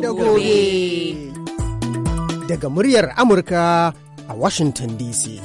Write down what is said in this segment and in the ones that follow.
da gobe. Daga muryar Amurka a Washington DC.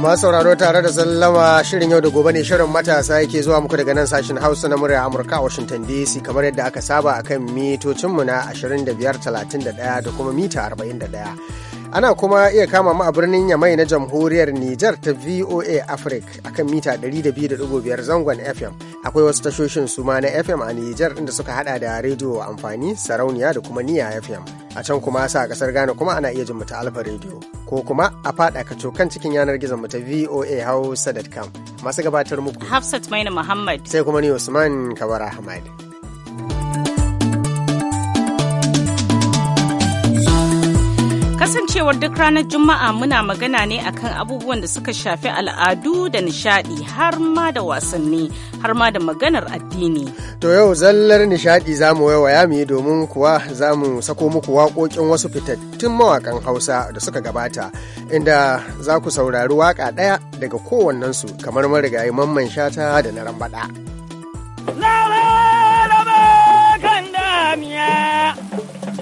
masu sauraro tare da sallama shirin yau da gobe ne shirin matasa yake zuwa muku daga nan sashen hausa na murya amurka a washington dc kamar yadda aka saba akan mitocinmu na 25 31 da kuma mita 41 Ana kuma iya kama mu a birnin Yamai na jamhuriyar Nijar ta VOA Africa akan mita 200.5 zangon FM. Akwai wasu tashoshin suma na FM a Nijar inda suka hada da rediyo amfani, sarauniya da kuma niya FM. A can kuma sa a kasar Ghana kuma ana iya jin ta Alfa rediyo ko kuma a fada ka cokan cikin yanar gizon mu ta VOA Hausa.com. Masu gabatar muku. Hafsat Maina Muhammad. Sai kuma ni Usman Kabara Ahmad. Kasancewar duk ranar Juma'a muna magana ne akan abubuwan da suka shafi al'adu da nishadi har ma da wasanni har ma da maganar addini. To yau zallar nishadi za mu waiwaya mu domin kuwa za mu sako muku waƙoƙin wasu fitattun mawakan Hausa da suka gabata inda za ku saurari waƙa ɗaya daga kowannensu kamar marigayi mamman shata da na rambaɗa.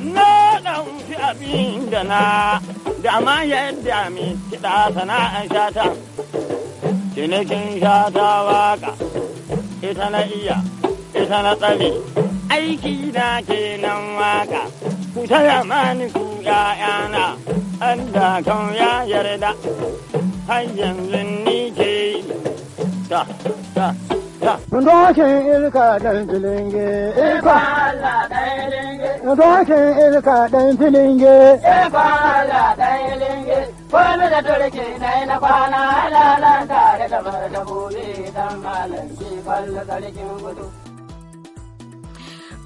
Na dan fi abin da na da ma yadda mi kiɗa sana'an shata cinikin shata waka ita na iya ita na tsare aiki na kenan waka ku taya mani ku ‘ya'yana Allah kan ya yarda har yanzu ni ke ta ta Dokin ilka ɗan filinge. Ifa Allah ɗan filinge. Dokin ilka ɗan filinge. Ifa Kwanu da turki na yi na kwana halalan tare da bar da bube dan malam ki kwallo sarkin gudu.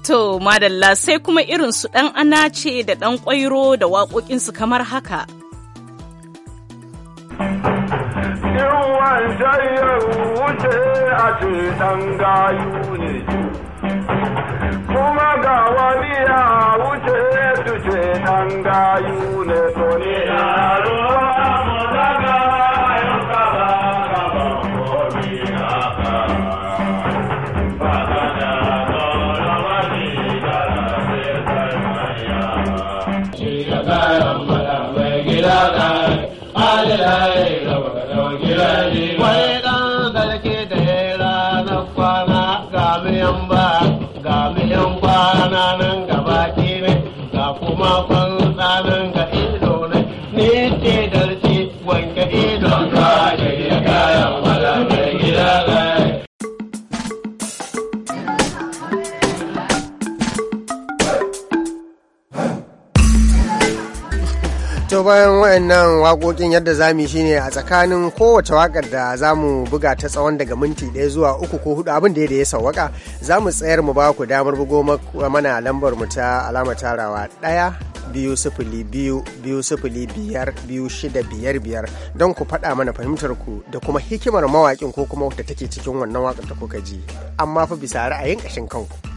To, madalla sai kuma irin su ɗan ana ce da ɗan ƙwairo da waƙoƙinsu kamar haka. ciwon shayyar wuce a ce ɗan gayu ne kuma ga ولا to bayan waɗannan waƙoƙin yadda zamu shine a tsakanin kowace waƙar da zamu buga ta tsawon daga minti ɗaya zuwa uku ko hudu abin da ya sawwaka za mu tsayar mu ba ku damar bugo mana lambar mu ta alama tarawa ɗaya biyu sifili biyu biyu sifili biyar biyu shida biyar biyar don ku faɗa mana fahimtar ku da kuma hikimar mawaƙin ko kuma wadda take cikin wannan waƙar da kuka ji amma fa bisa ra'ayin ƙashin kanku.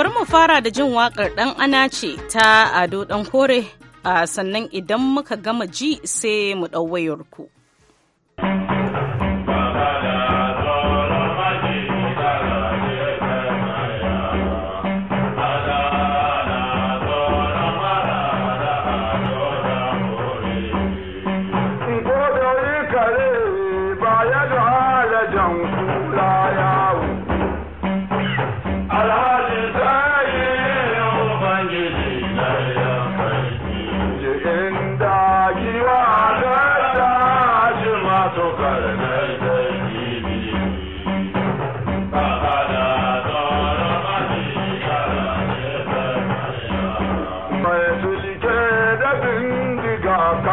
bari mu fara da jin waƙar ɗan ana ce ta ado ɗan kore a ah, sannan idan muka gama ji sai mu ɗau wayar ku. का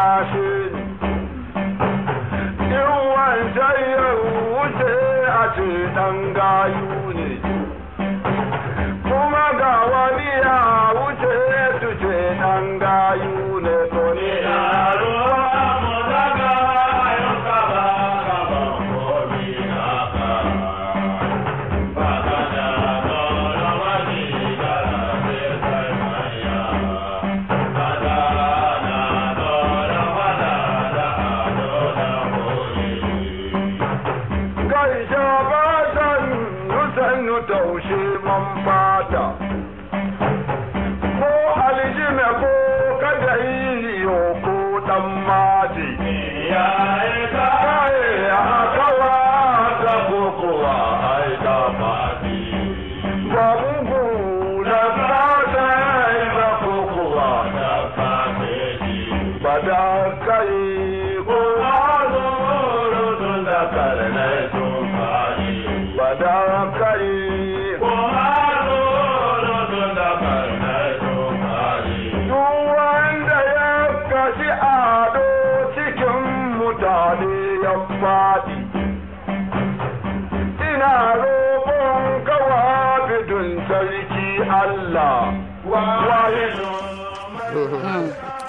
yasin in wancan ya wuce a ce ɗan gayu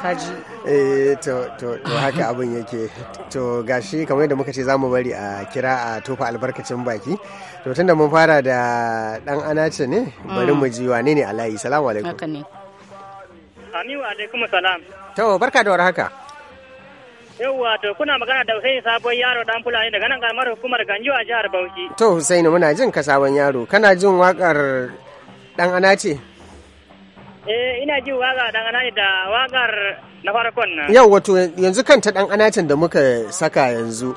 kaji eh to to to haka abin yake to gashi kamar yadda muka ce zamu bari a kira a tofa albarkacin baki to tunda mun fara da dan anace ne bari mu ji wane ne alayi salamu alaikum haka ne Aminu alaikum salam to barka da haka. yauwa to kuna magana da Hussein sabon yaro dan fulani daga nan karamar hukumar ganjiwa a jihar Bauchi to Hussein muna jin ka sabon yaro kana jin wakar dan anace Eh ina ji waga dan anace da wagar na farkon nan. Yau wato yanzu kan ta dan anacin da muka saka yanzu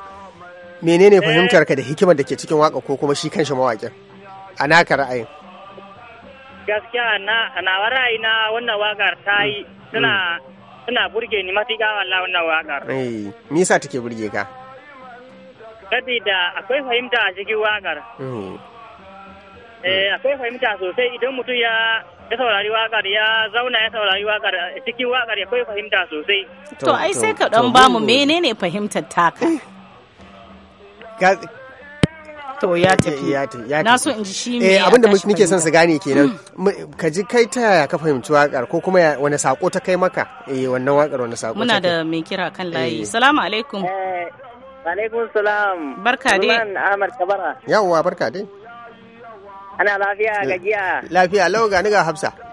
menene eh. fahimtar ka da hikimar da ke cikin waka ko kuma shi kanshi mawakin? A naka ra'ayin. Gaskiya na na ra'ayi na wannan wagar ta mm. yi tana mm. tana burge ni matiƙa wallahi wannan wagar. Eh me yasa take burge ka? Sabida akwai fahimta a cikin wagar. Mm. Eh akwai fahimta sosai idan mutum ya ya saurari wakar ya zauna ya saurari wakar cikin wakar ya kai fahimta sosai. To ai sai ka dan mene menene fahimtar taka. To ya eh, tafi. Na so in ji shi eh, ya Eh abinda nike son su gane kenan. Mm. Ka ji kai ta yaya ka fahimci wakar ko kuma wani sako ta kai maka? Eh wannan wakar wani sako. Muna da mai kira kan layi. Eh. Salamu alaikum. Alaikum salam. Barka dai. Ahmad Kabara. Yawwa barka dai. Ana lafiya eh, gajiya. Lafiya lau ga ni ga Hafsa.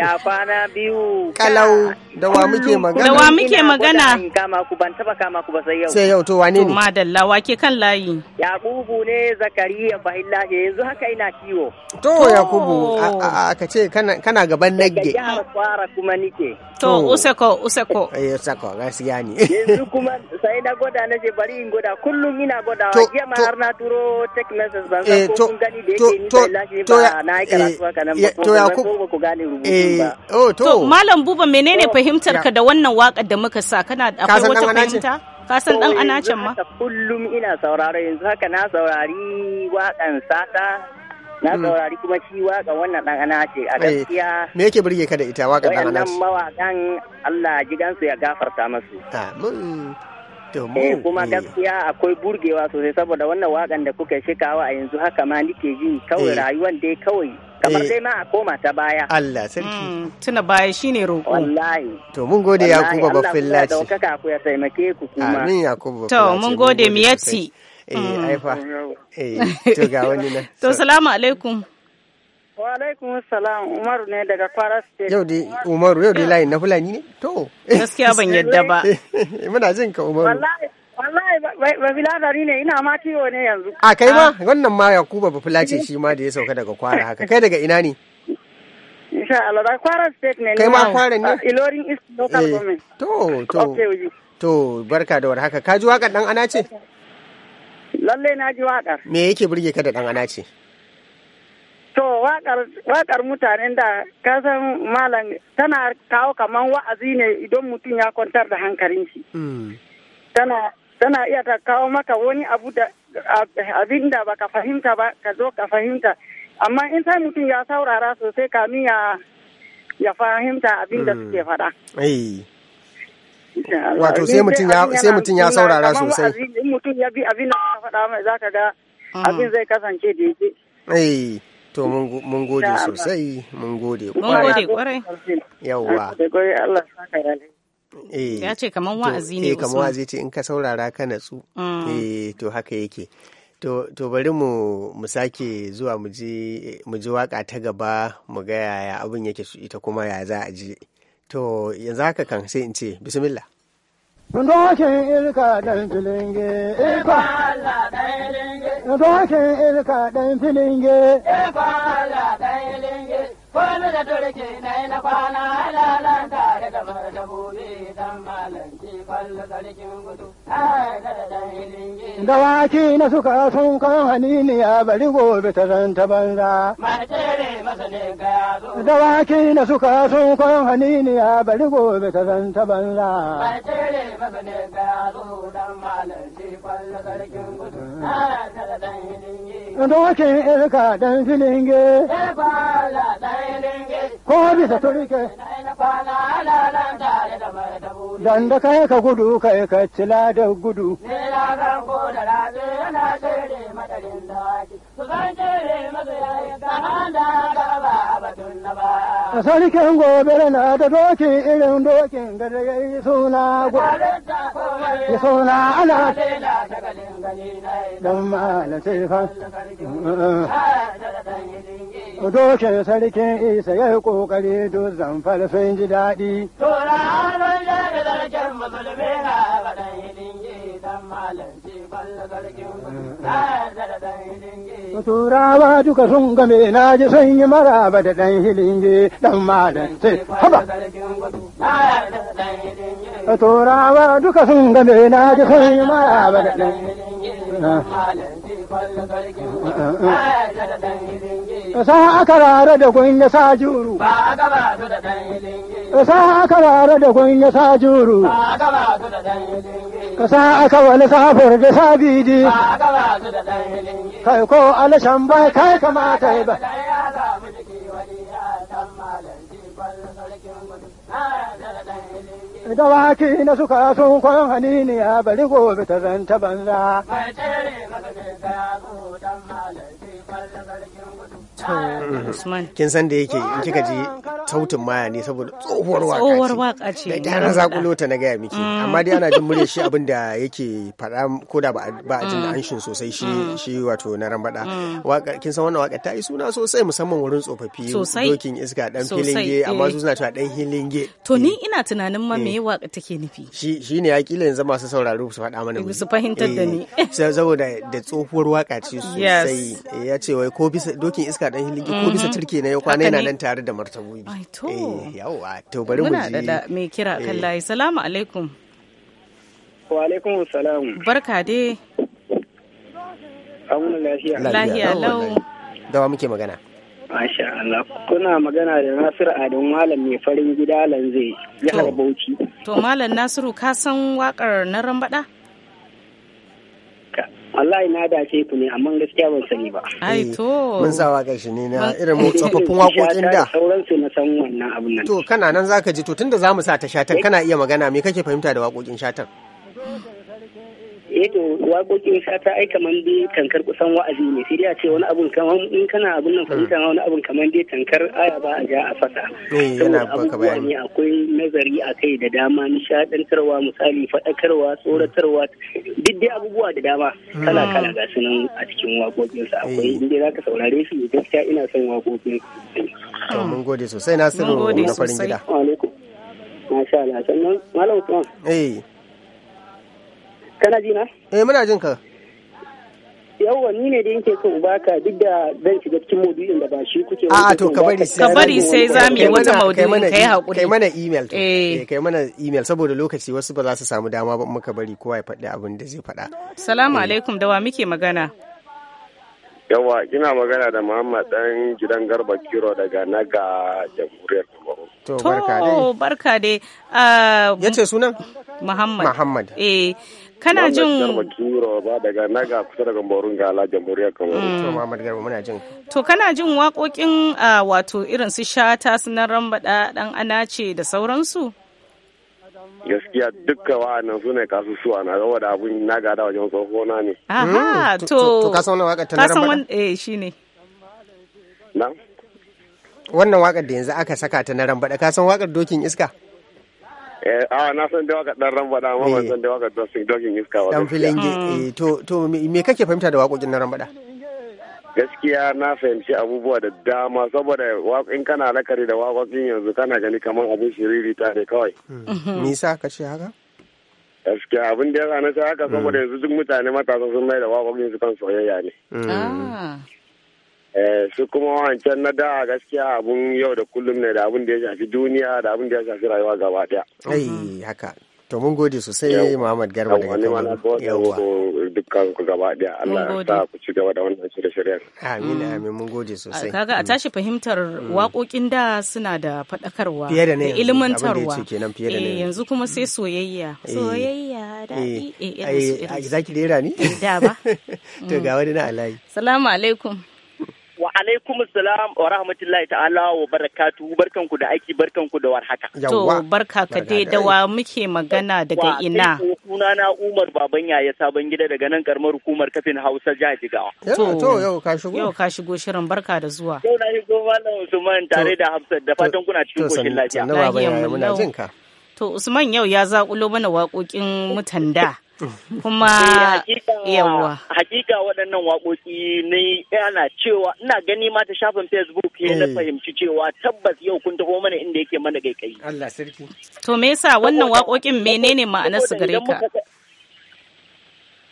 Ya kwana biyu. Kalau da wa muke magana. Da wa muke magana. Kama ku ban taba kama ku ba sai yau. Sai yau to wane ne? To madalla wake kan layi. Yakubu ne Zakariya fahillahi yanzu haka ina kiwo. To Yakubu aka ce kana gaban nagge. ya fara kuma nike. To Useko Useko. Eh Useko gaskiya ne. Yanzu kuma sai na goda na je bari in goda kullum ina gwada. Jiya ma har na turo tech message ban san eh, ko kun gani da yake ni da lafiya ba na aika rasuwa kanan ba. ko ku gani rubutun eh, ba. Oh, to. Malam Buba menene fahimtar ka da wannan waƙar da muka sa kana akwai wata fahimta? Ka san dan ana can ma? Kullum ina saurara yanzu haka na saurari waƙan sata na hmm. saurari kuma shi waka wannan dan ana ce a eh, gaskiya me yake burge ka da ita waƙan dan ana ce mawakan Allah ji gansu ya gafarta masu amin Eh, kuma eh. gaskiya akwai burgewa sosai saboda wannan wakan da kuka shikawa a yanzu haka ma nike ji kawai rayuwan dai kawai kamar eh. dai ma a koma ta baya Allah sarki mm, tuna baya shine roƙo wallahi to mun gode Yakubu Bafillaci Allah ya dauka ku ya taimake ku kuma amin Yakubu to mun gode miyati. eh mm. aifa eh to ga wani na to salamu alaikum Wa alaikum salam Umaru ne daga Kwara State. Yau dai Umaru yau dai layin na Fulani ne? To. Gaskiya ban yadda ba. Muna jin ka Umaru. Wallahi wallahi ba filatari ne ina ma kiwo ne yanzu a kai ma ah. wannan ma yakuba ba filace shi ma da ya sauka daga kwara haka kai daga ina ne insha Allah da kwara state ne kai ma kwara ne ilorin east local eh, government to to to barka da warhaka ka ji wakar dan ana ce lalle na ji wakar. me yake burge ka da dan ana ce To wakar mutanen da ka san malam tana kawo kaman wa'azi ne idan mutum ya kwantar da hankalin shi. Mm. Tana tana iya ta kawo maka wani abu da abin da baka fahimta ba ka zo ka fahimta amma in sai mutum ya saurara sosai ka ya ya fahimta abin da hmm. suke fada. Wato sai mutum ya saurara sosai. In mutum ya bi abin da suka fada mai za ka ga hmm. abin zai kasance da yake. To mun gode sosai mun gode kwarai. Mun gode kwarai. Yawwa. Eh, ya ce kamar wa'azi ne eh, kamar wa'azi ce in ka saurara ka natsu mm. eh, to haka yake To, to bari mu, mu sake zuwa mu ji waka ta gaba mu ga yaya abin yake ita kuma ya za a ji. To, yanzu haka kan sai in ce, Bismillah. Dokin ilka ɗan filinge, ifa Allah ɗan filinge. Dokin ilka ɗan filinge, ifa Allah ɗan Kwana da turki na yi na kwana halalan tare da martabobi dan malanci kwallo sarkin gudu tare da dahilin gini. Dawaki na suka sun kan haniniya bari gobe ta zan ta banza. Matere masa ne ga yazo. Dawaki na suka sun kan haniniya bari gobe ta zan ta banza. Matere masa ne ga yazo dan malanci kwallo sarkin gudu tare da dahilin gini. dokin irka dan filinge ko bisa turke kwana lalan tare da mai da buri. Dan da kai ka gudu kai ka cila da gudu. Ne ya gan ko da rabe na cire madarin daki. Ku zan cire mazu ya yi gaban da gaba a batun na ba. A sarkin gobe na da doki irin dokin da da ya yi suna gobe. Ya suna ana. Dan ma na sai fa. Ha da da dan yi Doke sarkin isa ya yi kokari duk zamfar sun ji daɗi. Tora hannun jami zarkin musulmi na faɗan hidin gidan malanci ci zarkin sarkin na yarda da ɗan hidin Turawa duka sun game na ji sun yi maraba da ɗan hilinge ɗan malam sai haba. Turawa duka sun game na ji sun yi maraba da ɗan hilinge. Sa aka rara da gunya sa juru. Sa aka rara da gunya sa juru. Sa aka wani safur da sabidi. Kai ko alishan bai kai kamata ya ba. Dawaki na suka sun kwan ya bari gobe ta zanta banza. Kin san da yake in kika ji sautin maya ne saboda tsohuwar waka tsohuwar waka ce da gyara zakulo ta na gaya miki mm. amma dai ana jin murya shi abin da yake faɗa ko da ba a jin da mm. anshin sosai shi mm. shi wato na ran waka kin san wannan waka ta yi suna sosai musamman wurin tsofaffi dokin iska dan filinge eh. amma su suna cewa dan hilinge to ni eh. ina tunanin ma me eh. waka take nufi shi shi ne kila yanzu masu sauraro su faɗa mana su fahimtar da ni saboda da tsohuwar waka ce sosai ya ce wai ko bisa dokin iska dan hilinge ko bisa mm-hmm. turke na yau kwana yana nan tare da martabobi Ai to. Eh, Yawa to bari mu ji. Muna da mai kira kan eh. layi. Salamu alaikum. Wa alaikum salam. Barka de. Amuna lafiya. Lafiya lau. Dawa muke magana. Masha Allah. Kuna magana da Nasiru Adam Malam mai farin gida Lanze, ya Bauchi. To Malam Nasiru ka san wakar na Rambada? wallahi na dace ku ne amma gaskiya ban sani ba ai mm. to mun sa waka shi ne na irin mu tsofaffin wakokin da sauran su na san wannan abun nan to kana nan zaka ji to tunda zamu sa ta shatan eh? kana iya magana me kake fahimta da waƙoƙin shatan eh to waƙoƙin ta aika man dai tankar kusan wa'azi ne sai dai a ce wani abun kamar in kana abun nan fahimta ma wani abun kamar dai tankar aya ba a ja a fasa eh, yana baka bayani akwai nazari a kai da dama nishadantarwa misali faɗakarwa tsoratarwa duk dai abubuwa da dama hmm. kala kala ga su nan a cikin sa akwai eh. inda za ka saurare shi gaskiya ina son waƙoƙin mun gode sosai na nasiru na farin gida Masha Allah, sannan Malam Usman. Eh. kana ji na eh muna jin ka yawwa ni ne da yake so baka duk da zan shiga cikin maudu'in da ba shi kuke a to ka bari sai ka bari sai za mu yi wata maudu'in kai e- hakuri kai mana email eh. eh kai mana email saboda lokaci wasu ba za su samu dama ba muka bari kowa ya faɗi abin da zai faɗa salamu alaikum da wa muke magana yawa kina magana da Muhammad dan gidan Garba Kiro daga Naga Jamhuriyar Kamaru to barka dai barka dai ah, yace sunan Muhammad Muhammad eh kana jin daga naga kusa daga Gala jamhuriyar to kana jin waƙoƙin wato irin su shata su na rambada dan anace da sauransu gaskiya duka wa'annan su ne kasusuwa na gawa da abun na gada wajen tsohona ne aha mm. to ka san wannan waƙar ta rambada eh shine na wannan waƙar da yanzu aka saka ta na rambada kasan wakar waƙar dokin iska Eh, a ah, na san da waka dan rambada amma ban eh. san da waka dosing dogin iska ba. Dan filange. Mm. Eh, to to me kake fahimta da waƙoƙin na rambada? Gaskiya na fahimci abubuwa da dama saboda in kana lakari da waƙoƙin yanzu kana gani kamar abin ta ne kawai. Nisa hmm. mm-hmm. ka ce haka? gaskiya abin da ya sa na haka saboda hmm. yanzu duk mutane matasa sun mai da waƙoƙin su kan soyayya ne. Hmm. Ah. Eh, su kuma wancan na da gaskiya abun yau da kullum ne da abun da ya shafi duniya da abun da ya shafi rayuwa gaba daya. Ai haka. To mun gode sosai Muhammad Garba daga Kano. Yawwa. Dukkan ku gaba daya Allah ya sa ku ci gaba da wannan shirye shiryen. Amin amin mun gode ah, sosai. Kaga a tashi fahimtar mm. waƙoƙin da suna da faɗakarwa. Fiye da ne. Ilimantarwa. nan fiye da ne. Eh, yanzu kuma sai soyayya. Eh, soyayya daɗi. Ai zaki rera ni? Da ba. To ga mm. wani na alayi. Salamu alaikum. Wa alaikum salam wa rahmatullahi ta'ala wa barakatu barkanku da aiki barkanku da warhaka. To barka ka dai da wa muke magana daga ina. wa Kuna na Umar Baban Yaya Sabon Gida daga nan karamar hukumar kafin Hausa jihar Jigawa. To yau ka shigo. Yau ka shigo shirin barka da zuwa. Yau na shigo Malam Usman tare da Hafsat da fatan kuna cikin koshin lafiya. To Usman yau ya zaƙulo mana waƙoƙin mutan da. Kuma eh, yawa. Hakika waɗannan waƙoƙi ne ana cewa ina gani ma ta shafin Facebook ya na eh. fahimci cewa tabbas yau kun taho mana inda yake mana kai Allah sarki. To me yasa wannan waƙoƙin menene ma'anar su gare ka?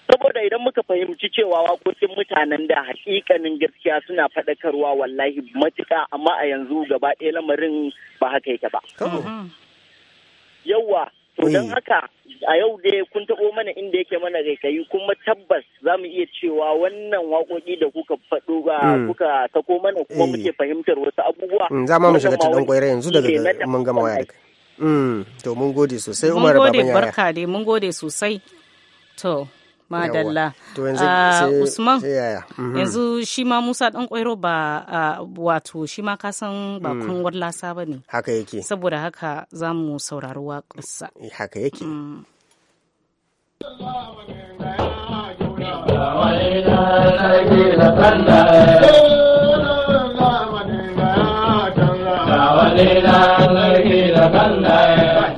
saboda idan muka fahimci cewa waƙoƙin mutanen da hakikanin gaskiya suna faɗakarwa wallahi matuƙa amma a yanzu gaba ɗaya lamarin ba haka yake ba. Mm-hmm. Yawwa To don eh. haka a yau dai kun taɓo mana inda yake mana kaikayi kuma tabbas za mu iya cewa wannan waƙoƙi da kuka faɗo ga hmm. kuka tako mana kuma eh. muke fahimtar wasu abubuwa. Hmm, za mu mu shiga cikin gwaira yanzu daga mun gama waya da hmm, To mun gode sosai Umar Baban Yaya. Mun gode barka dai mun gode sosai. To madalla ah, usman mhm. yanzu shi ma musa dan kwairo ba wato shi ma ka san ba mm. kun lasa ba ne haka yake saboda haka za mu saurari waƙarsa eh, haka yake mm. Thank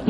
you.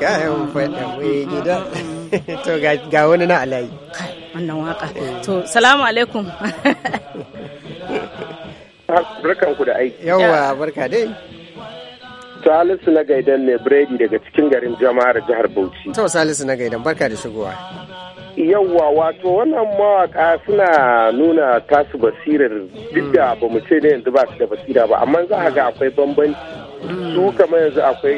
ka kayan faɗaɓe gida to ga wani na alayi wannan waka eh. to salamu alaikum ah, barkan ku da aiki yawa barka dai salisu na gaidan ne biredi daga cikin garin jama'ar jihar bauchi to salisu na gaidan barka da shigowa yawwa wato wannan mawaka suna nuna tasu basirar duk da mm. ba mu ce da yanzu ba su da basira ba amma za a ga akwai bambanci mm. su kamar yanzu akwai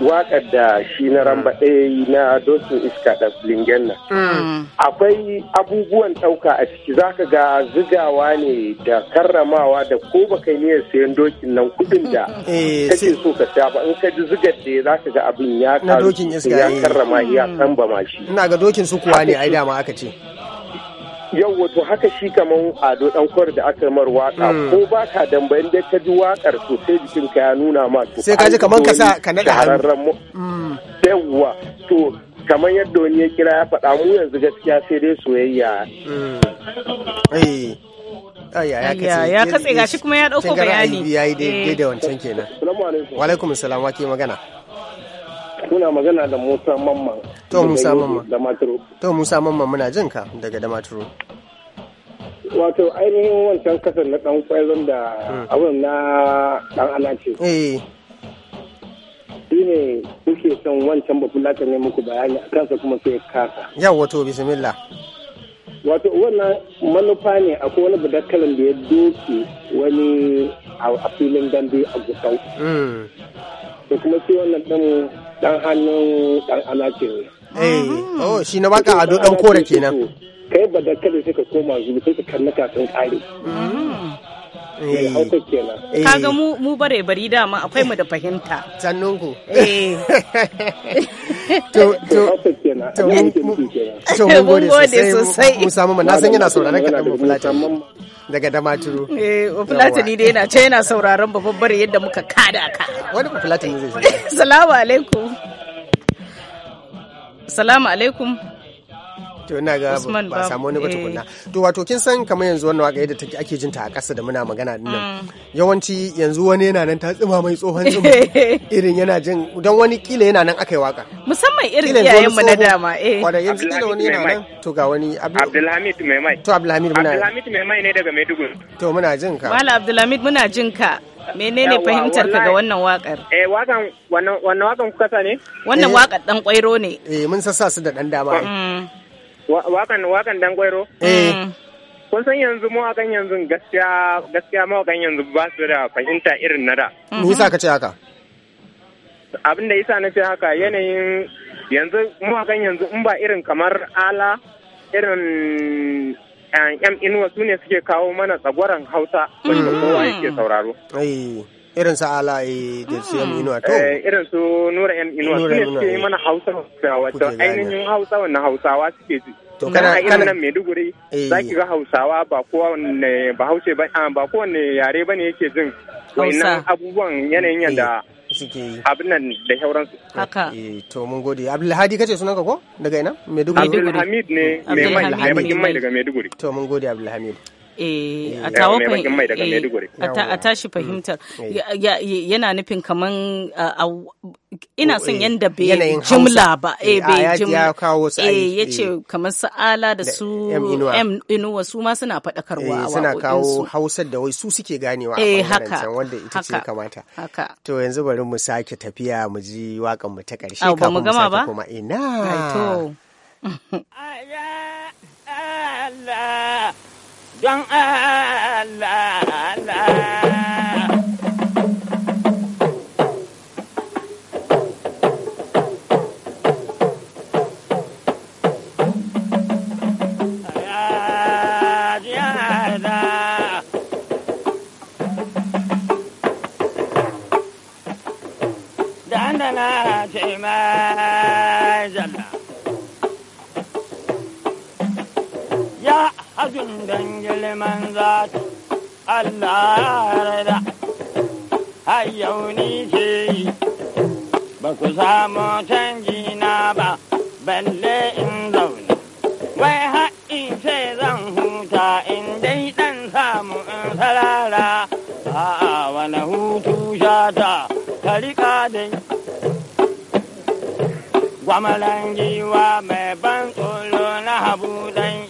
wakar da shi na ramba ɗaya na dokin iska da blingen nan. Mm. Akwai abubuwan ɗauka a ciki zaka ga zigawa ne da karramawa da ko baka yi sayan dokin nan kuɗin da eh, kake so ka siya ba in ka ji zigar da zaka ga abin ya eh. karrama ya kan mm. ba ma shi. Ina ga dokin su kuwa ne ai dama aka ce. yau wato haka shi kamar ado dan kwar da aka mar waka hmm. ko ba ka bayan da ka ji wakar sai jikin ka ya nuna ma to sai ka ji kamar ka sa ka nada hannu hmm. yawwa to kamar yadda wani ya kira ya faɗa mu yanzu gaskiya sai dai soyayya hmm. ya katse gashi kuma ya ɗauko bayani ya yi daidai eh. wancan kenan wa alaikum salam wa ke magana kuna magana da Musa Mamman. To Musa Mamman. Da Maturu. To Musa Mamman muna jin ka daga da Maturu. Wato ainihin wancan kasar na dan kwaizon da hmm. abin na dan anace. Eh. Dine ne kuke son wancan bafulata ne muku bayani a kansa kuma sai kasa. Yawwa to bismillah. Wato wannan manufa ne akwai wani budakkalin da ya doke wani a filin dambe a gusau. Da hmm. kuma sai wannan ɗan dan hannun dan ana ce eh mm-hmm. oh shi na baka ado dan kore kenan kai ba da kada sai ka koma zuwa sai ka kanna kafin kare mm-hmm. eh. eh. kaga mu mu bare bari dama akwai mu da fahimta sannun ku eh to to to mun gode sosai mu samu na san yana sauraron ka da mu fulata daga damaturu eh fulatani dai yana ce yana sauraron bare yadda muka kada ka wani fulatani zai salamu alaikum salamu alaikum to ina ga ba samu wani ba tukunna eh. to wato kin san kamar yanzu wannan waka yadda take ake jinta a ƙasa da muna magana din nan mm. yawanci yanzu wani yana nan ta tsima mai tsohon tsima irin yana jin don wani kila yana nan aka yi waka musamman irin iyayen mu na dama eh wanda yanzu kila wani yana nan to ga wani Abdulhamid Maimai to Abdulhamid muna Abdulhamid Maimai ne daga Maiduguri to muna jin ka Mala Abdulhamid muna jin ka menene fahimtar ka ga wannan wakar eh wakan wannan wakan kuka ne wannan eh. wakar dan kwairo ne eh mun sassa su da dan dama mm. wakan wakan dan kwairo eh. kun san yanzu mu akan yanzu gaskiya gaskiya mu akan yanzu ba su da fahimta irin na da me yasa ka ce haka abin da yasa na ce haka yanayin yanzu mu akan yanzu in ba irin kamar ala irin yan eh, inuwa su ne suke kawo mana tsagwaran hausa wanda mm. kowa yake sauraro eh. irin sa ala da su yan inuwa to eh, irin su nura yan inuwa su ne suke mana hausa eh. hausawa to ainihin hausa wannan hausawa suke ji to kana irin nan maiduguri eh. za ki ga hausawa ba kowanne ba hausa ah, ba ba kowanne yare bane yake jin wannan abubuwan yanayin yanda suke yi abin nan da haka to mun gode abdulhadi kace sunan ka ko daga ina maiduguri abdulhamid ne mai mai daga maiduguri to mun gode abdulhamid Eh, a tawo eh, a tashi fahimtar mm. mm. yana nufin kaman ina son oh, eh, yanda bai jimla ba eh bai jimla eh yace kamar sa'ala da su m inuwa su ma suna faɗakarwa suna kawo hausar da wai su suke ganewa a haka wanda ita ce kamata to yanzu bari mu sake tafiya mu ji wakan mu ta ƙarshe kafin mu gama ba kuma ina to Allah don Allah azun gangil manzatu Allah ya yarda har yau ni ce ba ku samu canji na ba balle in zauna wai har ce zan huta in dai dan samu in sarara a wani hutu shata ka riƙa dai gwamalan giwa mai ban tsoro na habu dan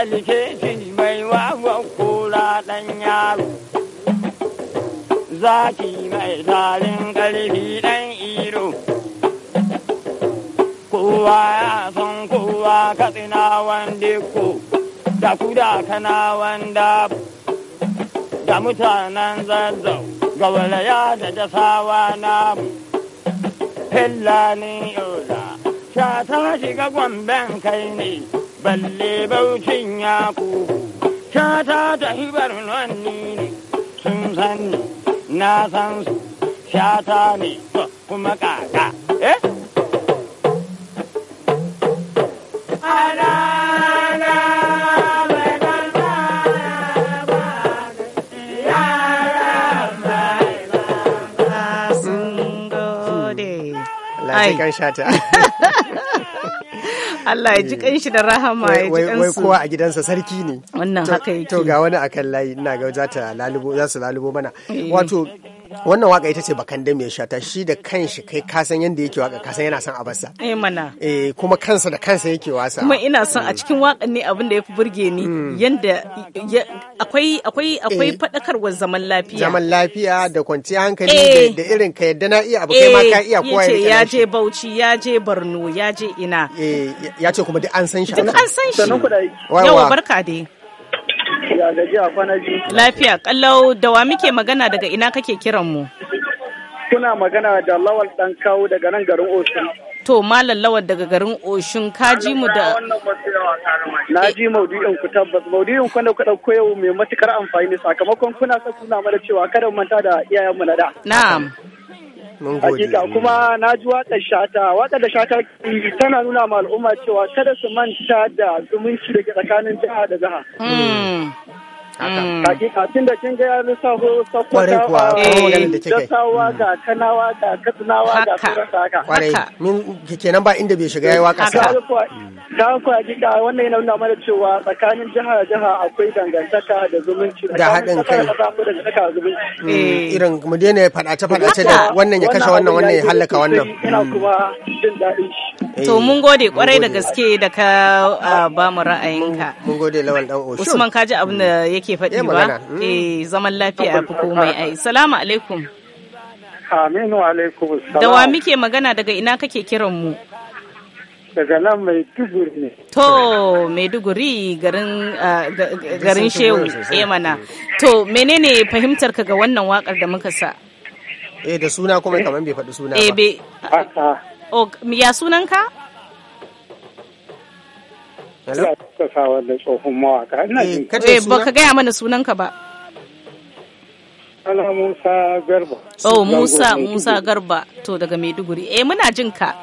kyalke mai wawan kura ɗan yaro. Zaki mai darin ƙarfi ɗan iro. Kowa ya san kowa katsina wanda ko, da kuda kana wanda da mutanen zazzau gawalaya da dasawa na Hillani yola, sha ta shiga gwamben kai ne. balle baucin ya kuku shata ta hibar nanni ne sun san na san su shata ne kuma kaka eh Ai. Allah ya ji eh. kanshi da rahama ya ji kansu. Wai kowa a gidansa sarki ne. Wannan haka yake. To ga wani akan layi ina ga za lalubo za su lalubo mana. Eh. Wato wannan waka ita ce bakan da mai shata shi da kanshi kai kasan yadda yake waka kasan yana son abarsa eh mana eh kuma kansa da kansa yake wasa kuma ina son a cikin wakan ne abin da ya fi burge ni hmm. yanda akwai akwai akwai eh. fadakarwar zaman lafiya zaman lafiya da kwanci hankali eh. da irin ka yadda na iya abu kai ma ka eh. iya kowa ya ya je Bauchi ya je Borno ya je ina eh ya ce kuma duk an san shi an san shi yawa barka dai Ya gajiya kwana ji. Lafiya kallau da wa muke magana daga ina kake kiran mu? Kuna magana da Lawal dan kawo daga nan garin Oshun. To Malam Lawal daga garin Oshun, ka ji mu da Na ji maudu'in ku tabbas maudu'in ku da kuɗa koyo mai matukar amfani sakamakon kuna sa kuna mana cewa kada mu manta da iyayen mu na da. Na'am. Hakika kuma na ji watsar shata, watsar da shata tana nuna ma al'umma cewa kada su manta da zumunci da ke tsakanin jiha da jiha. Hmm. Kacin mm. da kin ga ya lissafo sakwata eh, da sawa mm. ga kanawa ga katsinawa ga sauransu haka. Kwarai, min kenan ba inda bai shiga waka sa. Ga wannan yana nuna mana cewa tsakanin jiha da jiha akwai dangantaka da zumunci. Da haɗin kai. Mm. Irin mu daina faɗace-faɗace da wannan ya kashe wannan wannan ya hallaka wannan. Ina kuma jin daɗin eh, To mun gode kwarai da gaske da ka ah, ba mu ra'ayinka. Mun gode lawal dan Usman kaji abin da yake kake faɗi eh, ba e zaman lafiya fi komai ai salamu alaikum aminu alaikum salam da wa muke magana daga ina kake kiran mu daga nan mai duguri ne to mai duguri garin ah, shehu emana eh, to menene fahimtar ka ga wannan wakar da muka sa eh da suna kuma kamar bai faɗi suna ba eh be ya sunanka? ka da tsohon mawaka. Eh, eh, ba ka gaya mana sunanka ba. Ala Musa Garba. Oh Musa Musa Garba to daga Maiduguri. Eh muna jin ka.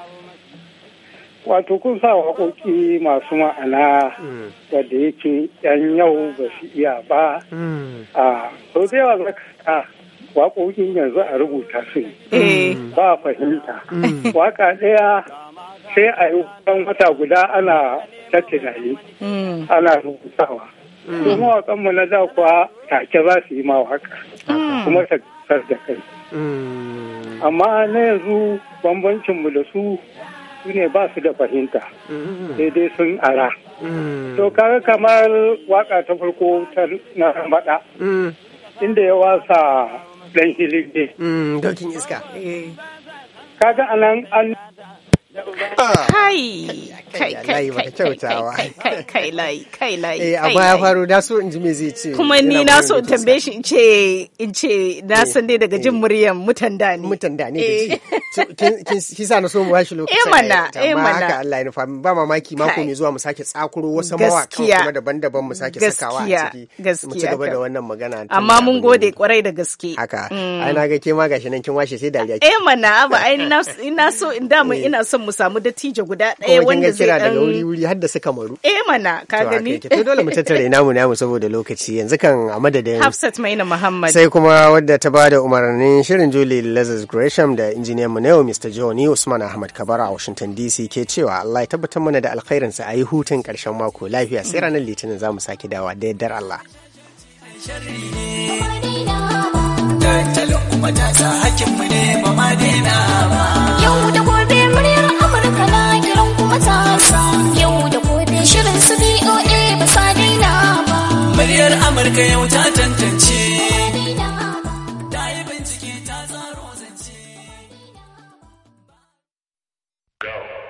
Wato kun sa waƙoƙi masu ma'ana hmm. wadda yake yan yau ba su iya ba. Hmm. A sau da yawa za ka waƙoƙin yanzu a rubuta su eh. hmm. Ba fahimta. waka ɗaya sai a yi wata guda ana ta tunani mm. ana rubutawa su mm. mu na da kuwa take za su yi haka mm. kuma ta kasar da kai amma na yanzu bambancinmu da su su ne ba su da fahimta daidai sun ara to kaga kamar waka ta farko ta na rambaɗa inda ya wasa ɗan hilige dokin iska eh. kaga anan an kai kai kai kai kai kai kai kai kai na kuma ni na so in ce na san dai daga jin muryan mutan da ne mutan mana eh mana haka Allah a ciki mu mun gode kwarai da gaske haka ai na ga ke ma gashi so in da ina son mu samu dattijo guda ɗaya wanda zai kira daga wuri wuri har da suka maru eh mana ka gani to dole mu tattare namu namu saboda lokaci yanzu kan a madadin Hafsat Maina Muhammad sai kuma wadda ta ba da umarnin shirin Julie Lazarus Gresham da injiniyan mu yau Mr. Johnny Usman Ahmad Kabara a Washington DC ke cewa Allah ya tabbatar mana da alkhairin sa ayi hutun karshen mako lafiya sai ranar Litinin zamu saki dawa da yardar Allah Yau da gobe matasa yau da gobe shirin su BOA ba sa daina ba muryar Amurka yau ta tantance